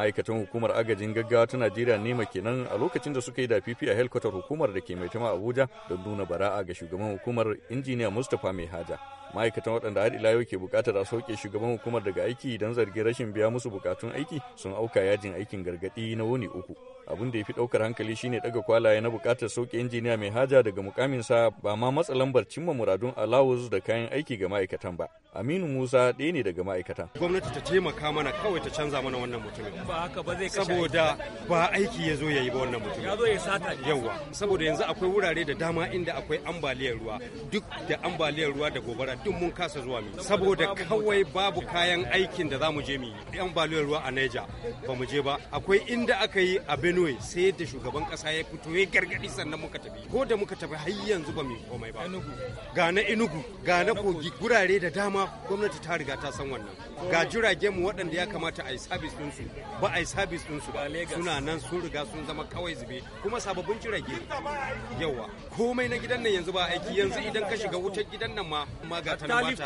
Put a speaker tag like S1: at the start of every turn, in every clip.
S1: ma'aikatan hukumar agajin gaggawa ta najeriya ma kenan a lokacin da suka yi dafifi a helkwatar hukumar da ke mai tama abuja don nuna bara'a ga shugaban hukumar injiniya mustapha mai haja ma'aikatan waɗanda har ila yau ke buƙatar a sauke shugaban hukumar daga aiki don zargin rashin biya musu bukatun aiki sun auka yajin aikin gargaɗi na wuni uku abin da ya fi ɗaukar hankali shine daga kwalaye na buƙatar sauƙi injiniya mai haja daga mukaminsa ba ma matsa lambar cimma muradun alawus da kayan aiki ga ma'aikatan ba aminu musa ɗaya ne daga ma'aikatan gwamnati
S2: ta taimaka mana kawai ta canza mana wannan mutumin ba haka ba zai saboda ba aiki ya zo ya yi ba wannan mutumin ya yawa saboda yanzu akwai wurare da dama inda akwai ambaliyar ruwa duk da ambaliyar ruwa da gobara duk mun kasa zuwa mu saboda kawai babu kayan aikin da za mu je mu yi ambaliyar ruwa a Niger ba mu je ba akwai inda aka yi a Benue Benue sai da shugaban kasa ya fito ya gargadi sannan muka tafi ko da muka tafi har yanzu ba mu komai ba ga na Enugu ga na Kogi gurare da dama gwamnati ta riga ta san wannan ga jirage mu waɗanda ya kamata a yi sabis ɗinsu ba a yi sabis ɗinsu ba suna nan sun riga sun zama kawai zube kuma sababbin jirage yawa komai na gidan nan yanzu ba aiki yanzu idan ka shiga wutar gidan nan ma ma ga ta aiki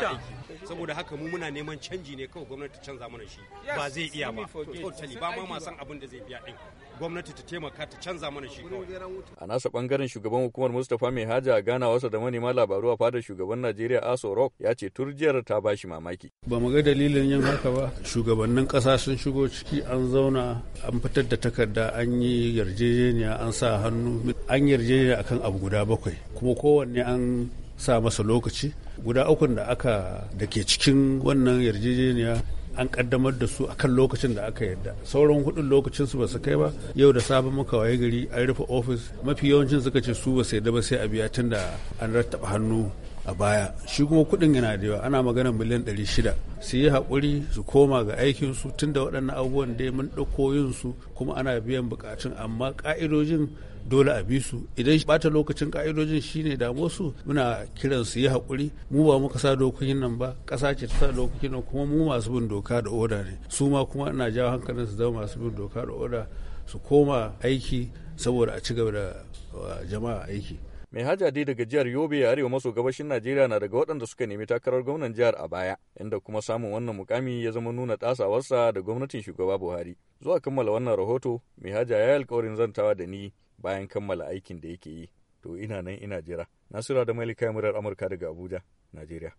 S2: saboda haka mu muna neman canji ne kawai gwamnati canza mana shi ba zai iya ba totally ba ma ma san abin da zai biya din gwamnati ta taimaka ta canza mana shi
S1: a nasa bangaren shugaban hukumar mustapha mai haja a gana wasa da manema labaru a fadar shugaban najeriya aso rock ya ce turjiyar ta bashi mamaki
S3: ba mu ga dalilin ganyen haka ba shugabannin kasa sun shigo ciki an zauna an fitar da takarda an yi yarjejeniya an sa hannu an yarjejeniya akan abu guda bakwai kuma kowanne an sa masa lokaci guda ukun da aka da ke cikin wannan yarjejeniya an kaddamar da su akan lokacin da aka yarda sauran hudun lokacin su ba su kai ba yau da sabon muka waye gari an rufe ofis mafi yawancin suka ce su ba su yarda ba sai a biya tun da an rattaba hannu a baya shi kuma kuɗin yana da yawa ana magana miliyan 600 su yi haƙuri su koma ga aikinsu tun da waɗannan abubuwan da mun ɗauko yin su kuma ana biyan buƙatun amma ƙa'idojin dole a bi su idan bata lokacin ka'idojin shine damo su muna kiran su yi haƙuri mu ba muka sa dokokin nan ba ƙasa ce ta sa dokokin nan kuma mu masu bin doka da oda ne su ma kuma ina jawo hankalin su zama masu bin doka da oda su koma aiki saboda a ci gaba da jama'a aiki
S1: Mai haja dai daga jihar Yobe a arewa maso gabashin Najeriya na daga waɗanda suka nemi takarar gwamnan jihar a baya, inda kuma samun wannan mukami ya zama nuna tasawarsa da gwamnatin shugaba Buhari. Zuwa kammala wannan rahoto, mai haja ya yi alkawarin zantawa da ni bayan kammala aikin da yake yi. To ina nan ina jira. Nasira da Malika Murar Amurka daga Abuja, Najeriya.